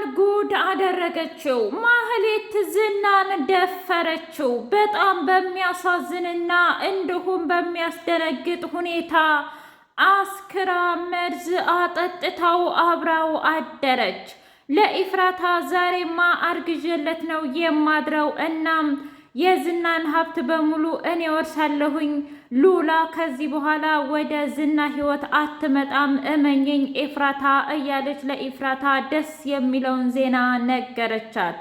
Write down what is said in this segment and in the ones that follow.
ዝናን ጉድ አደረገችው። ማህሌት ዝናን ደፈረችው። በጣም በሚያሳዝንና እንዲሁም በሚያስደነግጥ ሁኔታ አስክራ መርዝ አጠጥታው አብራው አደረች። ለኢፍራታ ዛሬማ አርግዤለት ነው የማድረው እናም የዝናን ሀብት በሙሉ እኔ ወርሳለሁኝ። ሉላ ከዚህ በኋላ ወደ ዝና ህይወት አትመጣም፣ እመኘኝ ኤፍራታ እያለች ለኤፍራታ ደስ የሚለውን ዜና ነገረቻት።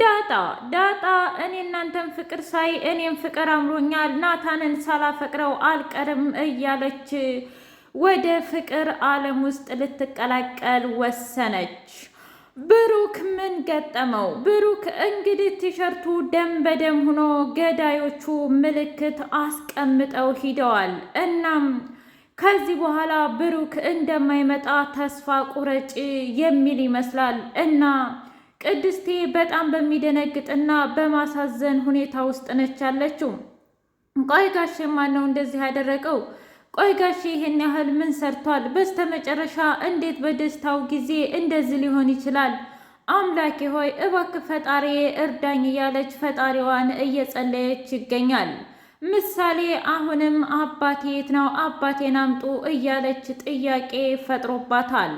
ዳጣ ዳጣ እኔ እናንተን ፍቅር ሳይ እኔም ፍቅር አምሮኛል፣ ናታንን ሳላፈቅረው አልቀርም እያለች ወደ ፍቅር ዓለም ውስጥ ልትቀላቀል ወሰነች። ብሩክ ምን ገጠመው? ብሩክ እንግዲህ ቲሸርቱ ደም በደም ሆኖ ገዳዮቹ ምልክት አስቀምጠው ሂደዋል። እናም ከዚህ በኋላ ብሩክ እንደማይመጣ ተስፋ ቁረጭ የሚል ይመስላል እና ቅድስቴ በጣም በሚደነግጥና በማሳዘን ሁኔታ ውስጥ ነች ያለችው። ቆይ ጋሼ ማን ነው እንደዚህ ያደረገው? ቆይ ጋሼ ይሄን ያህል ምን ሰርቷል? በስተመጨረሻ እንዴት በደስታው ጊዜ እንደዚህ ሊሆን ይችላል? አምላኬ ሆይ እባክህ ፈጣሪ እርዳኝ እያለች ፈጣሪዋን እየጸለየች ይገኛል። ምሳሌ አሁንም አባቴ የት ነው? አባቴን አምጡ እያለች ጥያቄ ፈጥሮባታል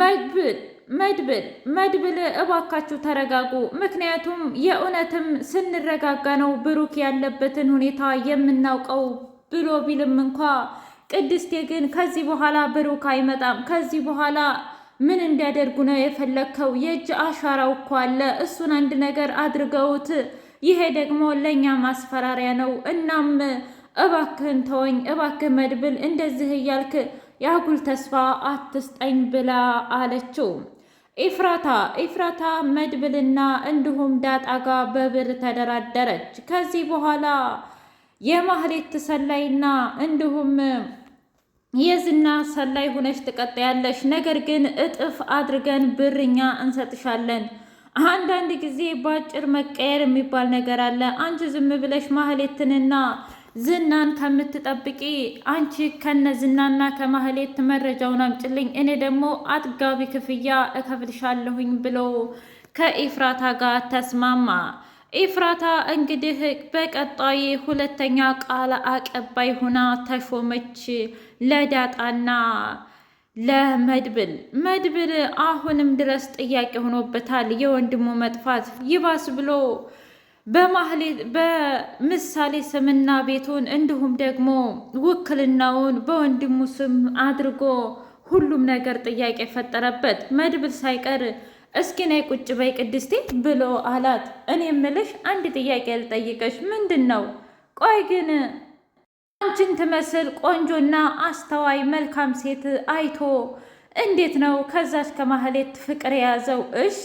መግብት መድብል መድብል እባካችሁ ተረጋጉ። ምክንያቱም የእውነትም ስንረጋጋ ነው ብሩክ ያለበትን ሁኔታ የምናውቀው ብሎ ቢልም እንኳ ቅድስቴ ግን ከዚህ በኋላ ብሩክ አይመጣም፣ ከዚህ በኋላ ምን እንዲያደርጉ ነው የፈለግከው? የእጅ አሻራው እኮ አለ። እሱን አንድ ነገር አድርገውት፣ ይሄ ደግሞ ለእኛ ማስፈራሪያ ነው። እናም እባክህን ተወኝ፣ እባክህ መድብል እንደዚህ እያልክ የአጉል ተስፋ አትስጠኝ ብላ አለችው። ኤፍራታ ኤፍራታ መድብልና እንዲሁም ዳጣ ጋር በብር ተደራደረች። ከዚህ በኋላ የማህሌት ሰላይና እንዲሁም የዝና ሰላይ ሆነች ትቀጣያለሽ። ነገር ግን እጥፍ አድርገን ብርኛ እንሰጥሻለን። አንዳንድ ጊዜ በአጭር መቀየር የሚባል ነገር አለ። አንቺ ዝም ብለሽ ማህሌትንና ዝናን ከምትጠብቂ አንቺ ከነ ዝናና ከማህሌት መረጃውን አምጭልኝ፣ እኔ ደግሞ አጥጋቢ ክፍያ እከፍልሻለሁኝ ብሎ ከኢፍራታ ጋር ተስማማ። ኢፍራታ እንግዲህ በቀጣይ ሁለተኛ ቃል አቀባይ ሁና ተሾመች ለዳጣና ለመድብል። መድብል አሁንም ድረስ ጥያቄ ሆኖበታል የወንድሙ መጥፋት ይባስ ብሎ በምሳሌ ስምና ቤቱን እንዲሁም ደግሞ ውክልናውን በወንድሙ ስም አድርጎ ሁሉም ነገር ጥያቄ ፈጠረበት። መድብል ሳይቀር እስኪ ነይ ቁጭ በይ ቅድስቴ ብሎ አላት። እኔ ምልሽ አንድ ጥያቄ ልጠይቀሽ። ምንድን ነው? ቆይ ግን አንቺን ትመስል ቆንጆና አስተዋይ መልካም ሴት አይቶ እንዴት ነው ከዛች ከማህሌት ፍቅር የያዘው? እሺ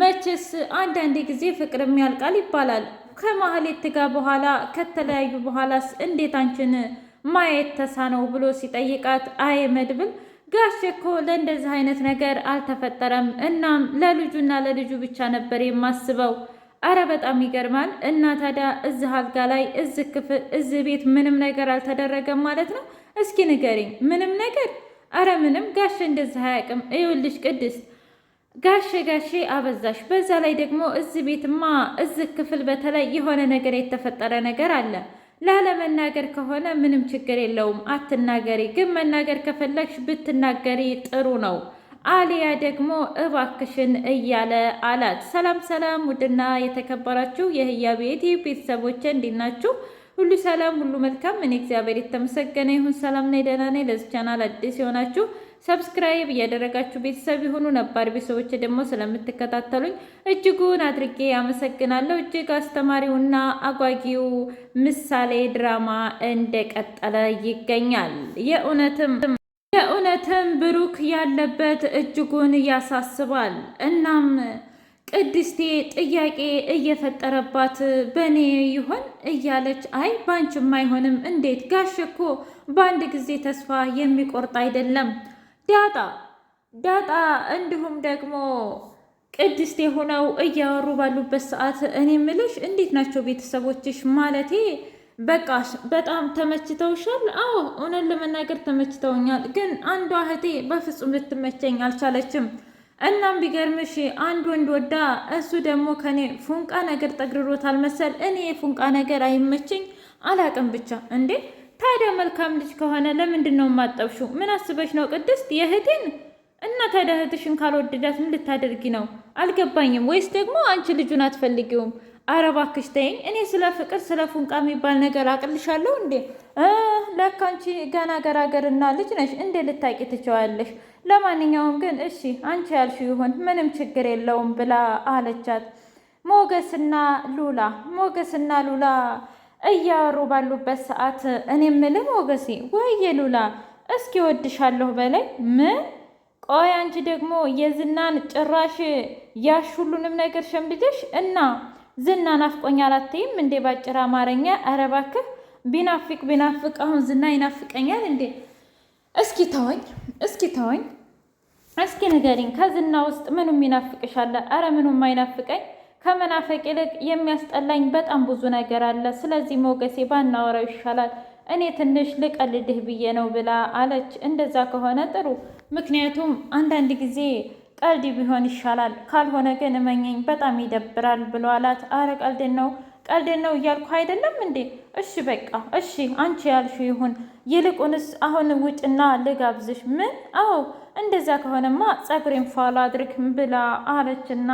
መቼስ አንዳንድ ጊዜ ፍቅርም ያልቃል ይባላል። ከማህሌት ጋር በኋላ ከተለያዩ በኋላስ እንዴት አንቺን ማየት ተሳነው ብሎ ሲጠይቃት አይ መድብል ጋሽ እኮ ለእንደዚህ አይነት ነገር አልተፈጠረም። እናም ለልጁና ለልጁ ብቻ ነበር የማስበው። አረ በጣም ይገርማል። እና ታዲያ እዚህ አልጋ ላይ እዚህ ክፍል እዚህ ቤት ምንም ነገር አልተደረገም ማለት ነው? እስኪ ንገሪኝ። ምንም ነገር? አረ ምንም ጋሽ እንደዚህ አያውቅም። እዩልሽ ቅድስት ጋሼ ጋሼ አበዛሽ። በዛ ላይ ደግሞ እዚህ ቤትማ እዚህ ክፍል በተለይ የሆነ ነገር የተፈጠረ ነገር አለ። ላለመናገር ከሆነ ምንም ችግር የለውም አትናገሪ፣ ግን መናገር ከፈለግሽ ብትናገሪ ጥሩ ነው አሊያ ደግሞ እባክሽን እያለ አላት። ሰላም ሰላም! ውድና የተከበራችሁ የህያ ቤት ቤተሰቦቼ እንዴት ናችሁ? ሁሉ ሰላም፣ ሁሉ መልካም። እኔ እግዚአብሔር የተመሰገነ ይሁን ሰላም ነኝ፣ ደህና ነኝ። ለዚህ ቻናል አዲስ የሆናችሁ ሰብስክራይብ እያደረጋችሁ ቤተሰብ የሆኑ ነባር ቤተሰቦች ደግሞ ስለምትከታተሉኝ እጅጉን አድርጌ ያመሰግናለሁ። እጅግ አስተማሪውና አጓጊው ምሳሌ ድራማ እንደቀጠለ ይገኛል። የእውነትም የእውነትም ብሩክ ያለበት እጅጉን ያሳስባል። እናም ቅድስቴ ጥያቄ እየፈጠረባት በእኔ ይሆን እያለች አይ ባንችም አይሆንም፣ እንዴት ጋሽ እኮ በአንድ ጊዜ ተስፋ የሚቆርጥ አይደለም ዳጣ ዳጣ እንዲሁም ደግሞ ቅድስት የሆነው እያወሩ ባሉበት ሰዓት እኔ ምልሽ እንዴት ናቸው ቤተሰቦችሽ? ማለቴ በቃ በጣም ተመችተውሻል? አዎ እውነት ለመናገር ተመችተውኛል፣ ግን አንዷ እህቴ በፍጹም ልትመቸኝ አልቻለችም። እናም ቢገርምሽ አንድ ወንድ ወዳ እሱ ደግሞ ከኔ ፉንቃ ነገር ጠግርሮታል መሰል። እኔ የፉንቃ ነገር አይመችኝ አላቅም ብቻ እንዴ ታዲያ መልካም ልጅ ከሆነ ለምንድን ነው የማጠብሹ? ምን አስበሽ ነው ቅድስት የእህቴን እና ታዲያ እህትሽን ካልወደዳት ምን ልታደርጊ ነው? አልገባኝም። ወይስ ደግሞ አንቺ ልጁን አትፈልጊውም? አረ እባክሽ ተይኝ። እኔ ስለ ፍቅር ስለ ፉንቃ የሚባል ነገር አቅልሻለሁ እንዴ? ለካ አንቺ ገና ገራገርና ልጅ ነሽ እንዴ? ልታቂ ትቸዋለሽ። ለማንኛውም ግን እሺ አንቺ ያልሽው ይሁን፣ ምንም ችግር የለውም ብላ አለቻት ሞገስና ሉላ ሞገስና ሉላ እያወሩ ባሉበት ሰዓት እኔ ምልም ሞገሴ፣ ወይ ሉላ እስኪ ወድሻለሁ በላይ ምን ቆይ አንቺ ደግሞ የዝናን ጭራሽ ያሽ ሁሉንም ነገር ሸምድደሽ እና ዝናን አፍቆኝ አላትይም እንዴ? ባጭር አማርኛ ኧረ እባክህ ቢናፍቅ ቢናፍቅ አሁን ዝና ይናፍቀኛል እንዴ? እስኪ ተወኝ፣ እስኪ ተወኝ፣ እስኪ ንገሪኝ ከዝና ውስጥ ምኑም ይናፍቅሻል? ኧረ ምኑም አይናፍቀኝ ከመናፈቅ ይልቅ የሚያስጠላኝ በጣም ብዙ ነገር አለ። ስለዚህ ሞገሴ ባናወራው ይሻላል። እኔ ትንሽ ልቀልድህ ብዬ ነው ብላ አለች። እንደዛ ከሆነ ጥሩ፣ ምክንያቱም አንዳንድ ጊዜ ቀልድ ቢሆን ይሻላል። ካልሆነ ግን እመኘኝ በጣም ይደብራል ብሎ አላት። አረ ቀልድን ነው ቀልድን ነው እያልኩ አይደለም እንዴ? እሺ በቃ እሺ፣ አንቺ ያልሽው ይሁን። ይልቁንስ አሁን ውጭና ልጋብዝሽ። ምን? አዎ እንደዛ ከሆነማ ጸጉሬን ፏላ አድርግ ብላ አለችና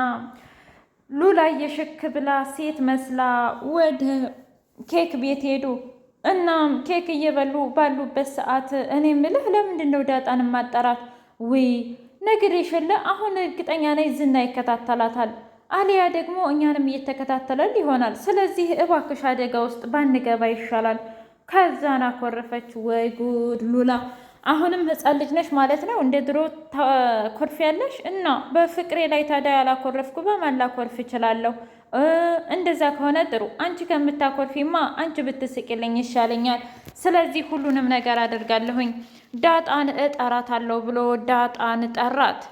ሉላ የሽክ ብላ ሴት መስላ ወደ ኬክ ቤት ሄዱ። እናም ኬክ እየበሉ ባሉበት ሰዓት እኔ ምልህ ለምንድን ነው ዳጣን ማጠራት? ውይ ነገር የሸለ አሁን እርግጠኛ ነኝ ዝና ይከታተላታል፣ አሊያ ደግሞ እኛንም እየተከታተለን ይሆናል። ስለዚህ እባክሽ አደጋ ውስጥ ባንገባ ይሻላል። ከዛን አኮረፈች። ወይ ጉድ ሉላ አሁንም ህፃን ልጅ ነሽ ማለት ነው። እንደ ድሮ ያለሽ እና በፍቅሬ ላይ ታዲያ ያላኮረፍኩ በማን ላኮርፍ እችላለሁ? እንደዛ ከሆነ ጥሩ። አንቺ ከምታኮርፊማ አንቺ ብትስቅልኝ ይሻለኛል። ስለዚህ ሁሉንም ነገር አደርጋለሁኝ። ዳጣን እጠራታለሁ ብሎ ዳጣን ጠራት።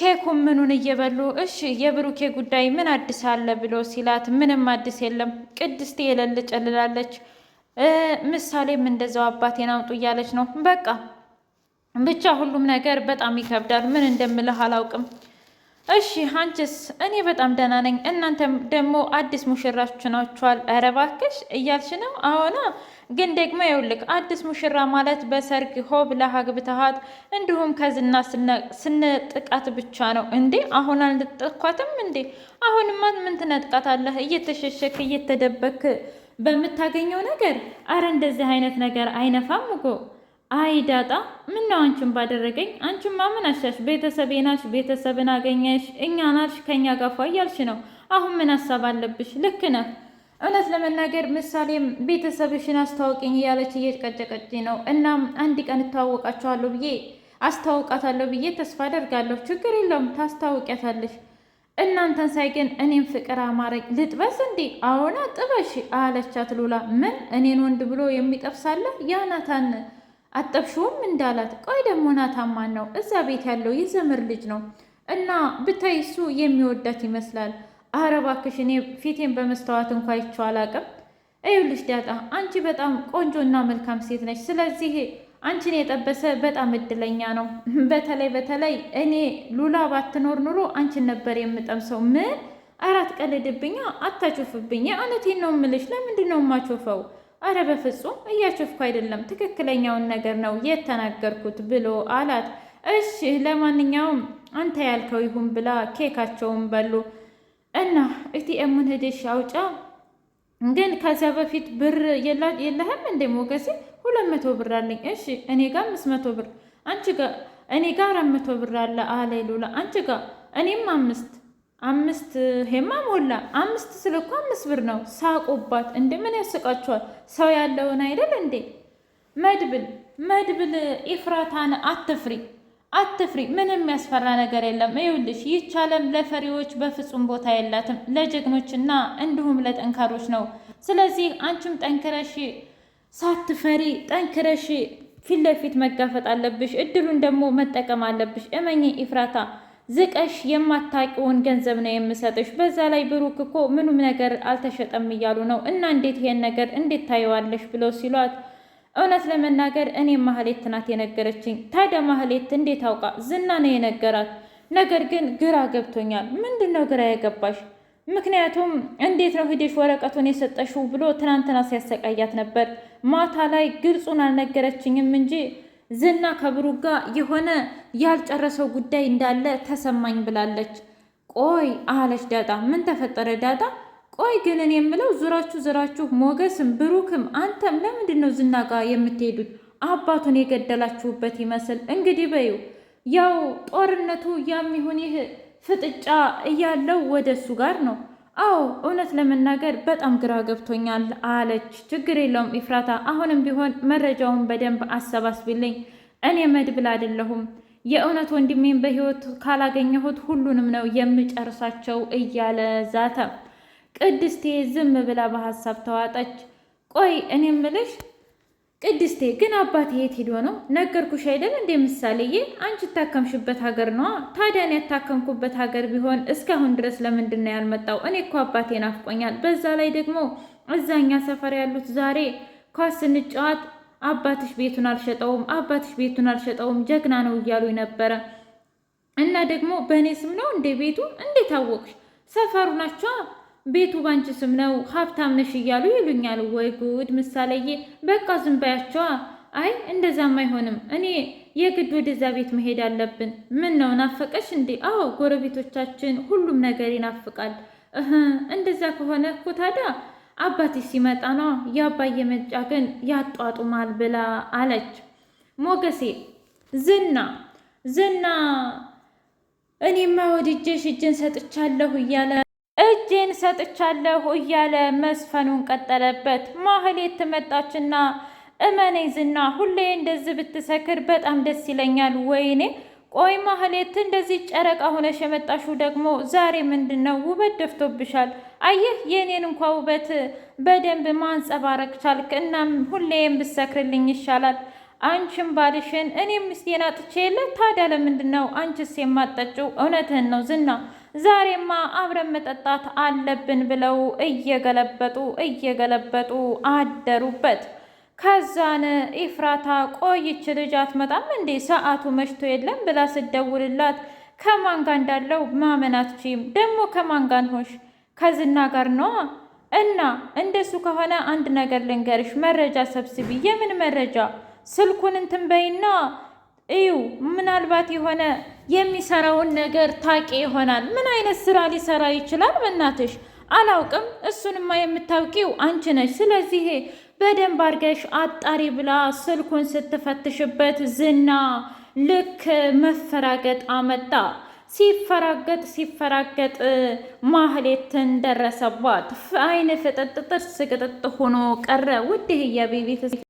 ኬኩም ምኑን እየበሉ እሺ፣ የብሩኬ ጉዳይ ምን አዲስ አለ ብሎ ሲላት፣ ምንም አዲስ የለም። ቅድስት የለል ጨልላለች። ምሳሌም እንደዛው አባቴን አውጡ እያለች ነው። በቃ ብቻ ሁሉም ነገር በጣም ይከብዳል። ምን እንደምልህ አላውቅም። እሺ አንቺስ? እኔ በጣም ደህና ነኝ። እናንተ ደግሞ አዲስ ሙሽራችሁ ናችኋል። ኧረ እባክሽ እያልሽ ነው? አዎና። ግን ደግሞ ይኸውልህ አዲስ ሙሽራ ማለት በሰርግ ሆ ብለህ አግብተሃት እንዲሁም ከዝና ስንጥቃት ብቻ ነው እንዴ? አሁን አልነጠኳትም እንዴ? አሁንማ ምን ትነጥቃታለህ? እየተሸሸክ እየተደበክ በምታገኘው ነገር። አረ እንደዚህ አይነት ነገር አይነፋም እኮ አይ ዳጣ ነው አንቺን ባደረገኝ? አንቺማ ምን አሻሽ? ቤተሰቤ ናሽ፣ ቤተሰብን አገኘሽ፣ እኛ ናሽ፣ ከእኛ ጋፋ እያልሽ ነው። አሁን ምን ሀሳብ አለብሽ? ልክ ነህ። እውነት ለመናገር ምሳሌም ቤተሰብሽን አስተዋውቅኝ እያለች እየጨቀጨቀች ነው። እናም አንድ ቀን እተዋወቃችኋለሁ ብዬ አስተዋውቃታለሁ ብዬ ተስፋ አደርጋለሁ። ችግር የለውም ታስታውቂያታለሽ። እናንተን ሳይ ግን እኔም ፍቅር አማረኝ። ልጥበስ እንዴ? አዎና ጥበሽ አለቻት ሉላ። ምን እኔን ወንድ ብሎ የሚጠብሳለ ያናታን አጠብሽውም እንዳላት። ቆይ ደግሞ ናታማን ነው እዛ ቤት ያለው የዘምር ልጅ ነው እና ብታይ እሱ የሚወዳት ይመስላል። አረ እባክሽ እኔ ፊቴን በመስተዋት እንኳ አይቼው አላቅም። ይኸውልሽ ዳጣ አንቺ በጣም ቆንጆና መልካም ሴት ነች። ስለዚህ አንቺን የጠበሰ በጣም እድለኛ ነው። በተለይ በተለይ እኔ ሉላ ባትኖር ኑሮ አንቺን ነበር የምጠምሰው። ምን አራት ቀልድብኛ፣ አታቾፍብኝ። እውነቴን ነው የምልሽ። ለምንድን ነው አረ በፍጹም እያሾፍኩ አይደለም፣ ትክክለኛውን ነገር ነው የተናገርኩት ብሎ አላት። እሺ ለማንኛውም አንተ ያልከው ይሁን ብላ ኬካቸውን በሉ እና ኤቲኤሙን ሂደሽ አውጫ። ግን ከዚያ በፊት ብር የለህም እንደ ሞገሴ? ሁለት መቶ ብር አለኝ። እሺ እኔ ጋር አምስት መቶ ብር አንቺ ጋር እኔ ጋር አራት መቶ ብር አለ አለ ይሉላ አንቺ ጋር እኔም አምስት አምስት ሄማ ሞላ አምስት ስለ እኮ አምስት ብር ነው። ሳቆባት እንደ ምን ያስቃችኋል? ሰው ያለውን አይደል እንዴ? መድብል መድብል ኢፍራታን አትፍሪ አትፍሪ፣ ምንም ያስፈራ ነገር የለም። ይኸውልሽ ይህች ዓለም ለፈሪዎች በፍጹም ቦታ የላትም፣ ለጀግኖችና እንዲሁም ለጠንካሮች ነው። ስለዚህ አንቺም ጠንክረሽ ሳትፈሪ ጠንክረሽ ፊት ለፊት መጋፈጥ አለብሽ። እድሉን ደግሞ መጠቀም አለብሽ። እመኚ ኢፍራታ። ዝቀሽ የማታውቂውን ገንዘብ ነው የምሰጥሽ። በዛ ላይ ብሩክ እኮ ምንም ነገር አልተሸጠም እያሉ ነው። እና እንዴት ይሄን ነገር እንዴት ታየዋለሽ? ብለው ሲሏት እውነት ለመናገር እኔ ማህሌት ናት የነገረችኝ። ታዲያ ማህሌት እንዴት አውቃ? ዝና ነው የነገራት። ነገር ግን ግራ ገብቶኛል። ምንድን ነው ግራ የገባሽ? ምክንያቱም እንዴት ነው ሂደሽ ወረቀቱን የሰጠሽው ብሎ ትናንትና ሲያሰቃያት ነበር። ማታ ላይ ግልጹን አልነገረችኝም እንጂ ዝና ከብሩክ ጋር የሆነ ያልጨረሰው ጉዳይ እንዳለ ተሰማኝ ብላለች። ቆይ አለች ዳጣ። ምን ተፈጠረ ዳጣ? ቆይ ግን እኔ የምለው ዙራችሁ ዙራችሁ ሞገስም ብሩክም አንተም ለምንድን ነው ዝና ጋር የምትሄዱት? አባቱን የገደላችሁበት ይመስል እንግዲህ በዩ ያው ጦርነቱ ያም ይሁን ይህ ፍጥጫ እያለው ወደ እሱ ጋር ነው አዎ እውነት ለመናገር በጣም ግራ ገብቶኛል አለች። ችግር የለውም ኢፍራታ፣ አሁንም ቢሆን መረጃውን በደንብ አሰባስቢልኝ። እኔ መድብል አይደለሁም። የእውነት ወንድሜን በህይወት ካላገኘሁት ሁሉንም ነው የምጨርሳቸው እያለ ዛተ። ቅድስቴ ዝም ብላ በሀሳብ ተዋጠች። ቆይ እኔ ምልሽ ቅድስቴ ግን አባቴ የት ሄዶ ነው? ነገርኩሽ አይደል እንደ ምሳሌዬ፣ አንቺ ታከምሽበት ሀገር ነዋ። ታዲያን ያታከምኩበት ሀገር ቢሆን እስካሁን ድረስ ለምንድን ነው ያልመጣው? እኔ እኮ አባቴ ናፍቆኛል። በዛ ላይ ደግሞ እዛኛ ሰፈር ያሉት ዛሬ ኳስ ስንጫወት አባትሽ ቤቱን አልሸጠውም፣ አባትሽ ቤቱን አልሸጠውም፣ ጀግና ነው እያሉ ነበረ። እና ደግሞ በእኔ ስም ነው እንደ ቤቱ? እንዴት አወቅሽ? ሰፈሩ ናቸዋ ቤቱ ባንቺ ስም ነው ሀብታም ነሽ እያሉ ይሉኛል። ወይ ጉድ ምሳሌዬ፣ በቃ ዝም በያቸዋ። አይ እንደዛም አይሆንም። እኔ የግድ ወደዛ ቤት መሄድ አለብን። ምን ነው ናፈቀሽ እንዴ? አዎ ጎረቤቶቻችን፣ ሁሉም ነገር ይናፍቃል። እህ እንደዛ ከሆነ እኮ ታዲያ አባቴ ሲመጣ ነው የአባዬ መጫ ግን ያጧጡማል ብላ አለች። ሞገሴ ዝና ዝና እኔማ ወድጄሽ እጅን ሰጥቻለሁ እያለ ሰጥቻለሁ እያለ መስፈኑን ቀጠለበት። ማህሌት መጣችና እመነኝ ዝና፣ ሁሌ እንደዚህ ብትሰክር በጣም ደስ ይለኛል። ወይኔ ቆይ ማህሌት፣ እንደዚህ ጨረቃ ሆነሽ የመጣሹ ደግሞ ዛሬ ምንድን ነው? ውበት ደፍቶብሻል። አየህ የእኔን እንኳ ውበት በደንብ ማንጸባረቅ ቻልክ። እናም ሁሌም ብሰክርልኝ ይሻላል። አንቺም ባልሽን እኔም ምስቴን አጥቼ የለ ታዲያ ለምንድን ነው አንቺስ የማጠጪው? እውነትህን ነው ዝና ዛሬማ አብረን መጠጣት አለብን ብለው እየገለበጡ እየገለበጡ አደሩበት። ከዛን ኢፍራታ ቆይች ልጅ አትመጣም እንዴ ሰዓቱ መሽቶ የለም ብላ ስደውልላት ከማን ጋር እንዳለው ማመን አትችይም። ደግሞ ከማን ጋር ሆንሽ? ከዝና ጋር ነዋ። እና እንደሱ ከሆነ አንድ ነገር ልንገርሽ፣ መረጃ ሰብስቢ። የምን መረጃ? ስልኩን እንትን በይና እዩ ምናልባት የሆነ የሚሰራውን ነገር ታቂ ይሆናል። ምን አይነት ስራ ሊሰራ ይችላል? በእናትሽ አላውቅም። እሱንማ የምታውቂው አንቺ ነሽ። ስለዚህ በደንብ አድርገሽ አጣሪ ብላ ስልኩን ስትፈትሽበት ዝና ልክ መፈራገጥ አመጣ። ሲፈራገጥ ሲፈራገጥ ማህሌትን ደረሰባት። አይነ ፍጥጥ ጥርስ ሆኖ ቀረ። ውድህ የቤቤት